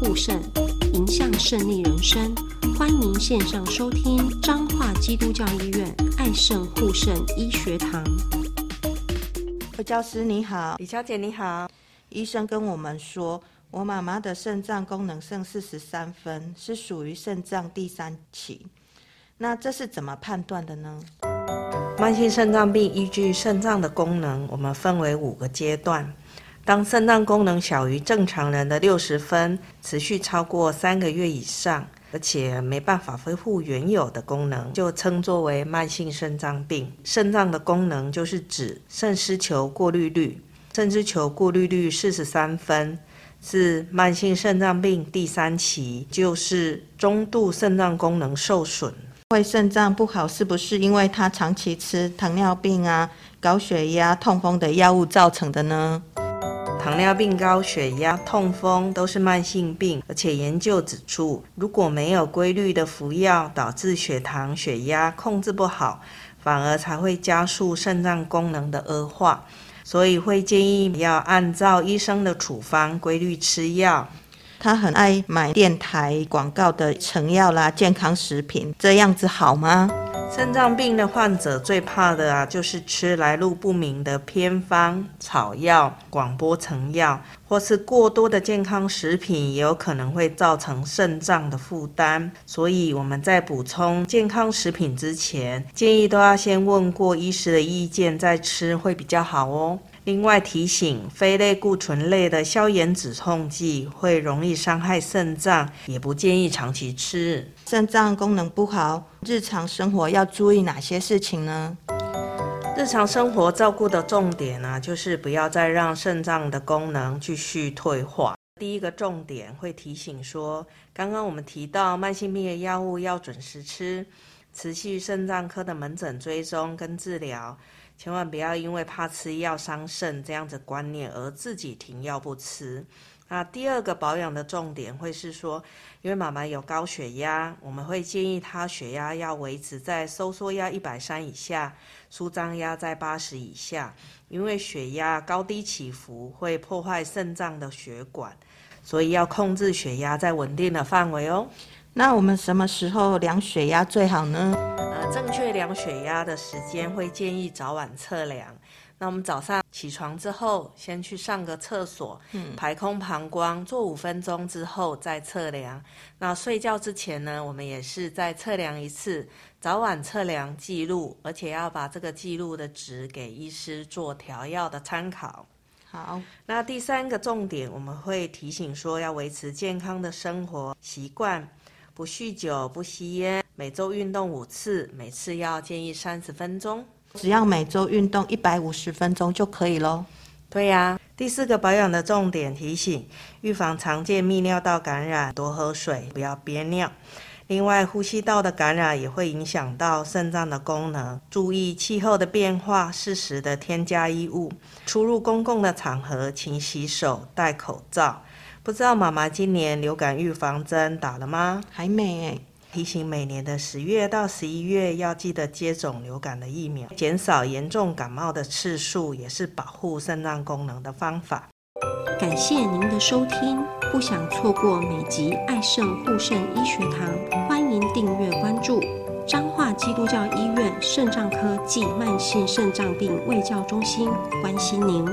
護腎，迎向腎利人生。歡迎線上收聽彰化基督教醫院愛腎護腎醫學堂。衛教師，你好，李小姐，你好。醫生跟我們說，我媽媽的腎臟功能剩四十三分，是屬於腎臟第三期。那這是怎麼判斷的呢？慢性腎臟病依據腎臟的功能，我們分為五個階段。當腎臟功能小於正常人的六十分，持續超過三個月以上，而且沒辦法恢復原有的功能，就稱作為慢性腎臟病。腎臟的功能就是指腎絲球過濾率，腎絲球過濾率四十三分，是慢性腎臟病第三期，就是中度腎臟功能受損。問：腎臟不好是不是因為他長期吃糖尿病啊、高血壓、痛風的藥物造成的呢？糖尿病、高血壓、痛風都是慢性病，而且研究指出，如果沒有規律的服藥，導致血糖、血壓控制不好，反而才會加速腎臟功能的惡化。所以會建議要按照醫生的處方規律吃藥。他很愛買電台廣告的成藥啦、健康食品，這樣子好嗎？腎臟病的患者最怕的啊，就是吃來路不明的偏方、草藥、廣播成藥，或是過多的健康食品，也有可能會造成腎臟的負擔。所以我們在補充健康食品之前，建議都要先問過醫師的意見，再吃會比較好哦。另外提醒，非類固醇類的消炎止痛劑會容易傷害腎臟，也不建議長期吃。腎臟功能不好，日常生活要注意哪些事情呢？日常生活照顧的重點呢、啊，就是不要再讓腎臟的功能繼續退化。第一個重點會提醒說，剛剛我們提到慢性病的藥物要準時吃，持續腎臟科的門診追蹤跟治療。千萬不要因為怕吃藥傷腎這樣子觀念，而自己停藥不吃。那第二個保養的重點會是說，因為媽媽有高血壓，我們會建議她血壓要維持在收縮壓一百三以下，舒張壓在八十以下。因為血壓高低起伏會破壞腎臟的血管，所以要控制血壓在穩定的範圍哦。那我們什麼時候量血壓最好呢？正確量血壓的時間會建議早晚測量。那我們早上起床之後，先去上個廁所，嗯，排空膀胱，坐五分鐘之後再測量。那睡覺之前呢，我們也是再測量一次，早晚測量記錄，而且要把這個記錄的值給醫師做調藥的參考。好，那第三個重點我們會提醒說，要維持健康的生活習慣，不酗酒，不吸菸。每週運動五次，每次要建議三十分鐘，只要每週運動一百五十分鐘就可以嘍。對呀、啊，第四個保養的重點提醒：預防常見泌尿道感染，多喝水，不要憋尿。另外，呼吸道的感染也會影響到腎臟的功能，注意氣候的變化，適時的添加衣物。出入公共的場合，勤洗手，戴口罩。不知道媽媽今年流感預防針打了嗎？還沒、欸。提醒每年的十月到十一月要記得接種流感的疫苗，減少嚴重感冒的次數，也是保護腎臟功能的方法。感謝您的收聽，不想錯過每集《愛腎護腎醫學堂》，歡迎訂閱關注彰化基督教醫院腎臟科暨慢性腎臟病衛教中心，關心您。